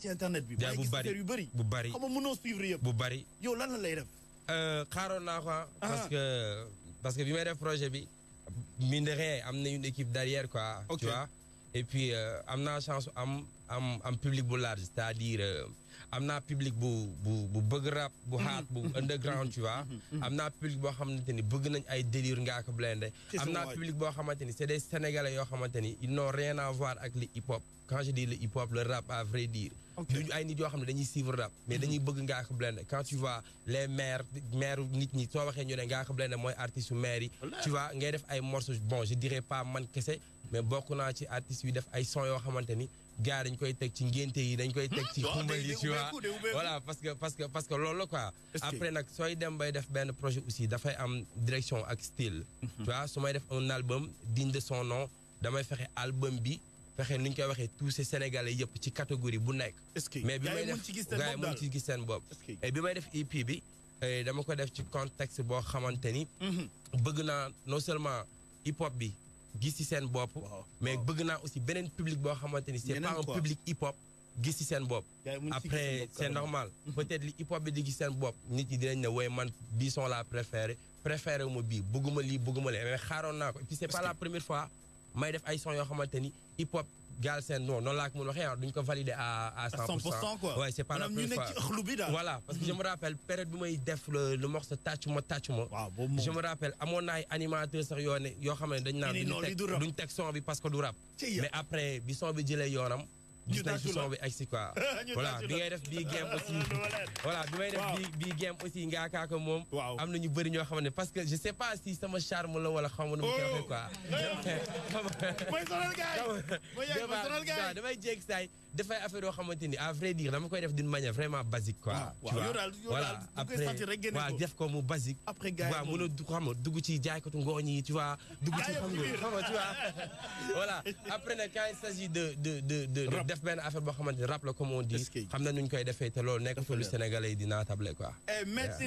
internet bi. bu bari yu bëri bu bari. xam nga mënoo suivre yëpp bu bari. yow lan la lay def. euh xarona quoi. Ah. parce que parce que bi may def projet bi. mine de rien am une équipe derrière quoi. tu vois et puis euh, am naa chance am am am public bu large c'est-à-dire euh, am naa public bu bu bu bëgg rap bu xaat bu underground tu vois amna public bo xamanteni bëgg nañ ay délire ngaa ko blende amna public bo xamanteni c'est des sénégalais yo xamanteni ils n'ont rien à voir avec le hip hop quand je dis le hip hop le rap à vrai dire duñu ay nit yo xam dañuy suivre rap mais dañuy mhm. bëgg ngaa ko blende quand tu vois les maires maires nit ñi so waxé ñu né ngaa ko blende moy artiste maire tu vois ngay def ay morceaux bon je dirais pas man kese mais bokk naa ci artiste yu def ay son yoo xamante gars dañ koy teg ci ngénte yi dañ koy ci hmm? tu vois voilà parce que parce que parce que loolu quoi après nag sooy dem bay def projet aussi dafay am direction ak style hmm. tu vois su may def un album digne de son nom damay fexe album bi fexe qui koy waxee tous ces sénégalais yëpp ci catégorie bu nekk mais bi may def EP bi eh, dama ko def ci contexte boo xamante ni hmm. bëgg non seulement hip hop gis sen bop mais bëgg naa aussi benen public bo xamanteni c'est pas un public hip hop. gis sen bop après c'est normal. peut-être li hip hop bi di gis seen bopp. nit ñi dinañ ne woy man bi son la préféré préféré mo bi bëgguma lii bëgguma mais xaron naa ko puis c'est pas la première fois may def ay son yo xamanteni hip hop. Galsen non non, laa ko mën waxee ah duñ ko valider à à 100 quoi ouais c'est pas la première fois voilà parce que je me rappelle période bi may def le le morceau tàcc ma tàcc ma. je me rappelle amoon na ay animateurs sax yoo ne yoo xam ne dañ duñ teg son bi parce que du rap mais après bi son bi jëlee yoonam. voilà game aussi voilà parce que je sais pas si me charme la oh. quoi dafay affaire au xamante à vrai dire dama koy def d'une manière vraiment basique quoi. Ah, tu vois voilà après waaw def ko mu basique. après gars yi mën a dugg xam nga dugg ci jaaykatu tu vois. dugg ci xam tu vois. voilà après quand il s'agit de de de de def benn affaire boo xamante rap la comme on dit. xam na nu ñu koy defee te loolu nekkatul sénégalais yi dinaa table quoi. Eh, merci.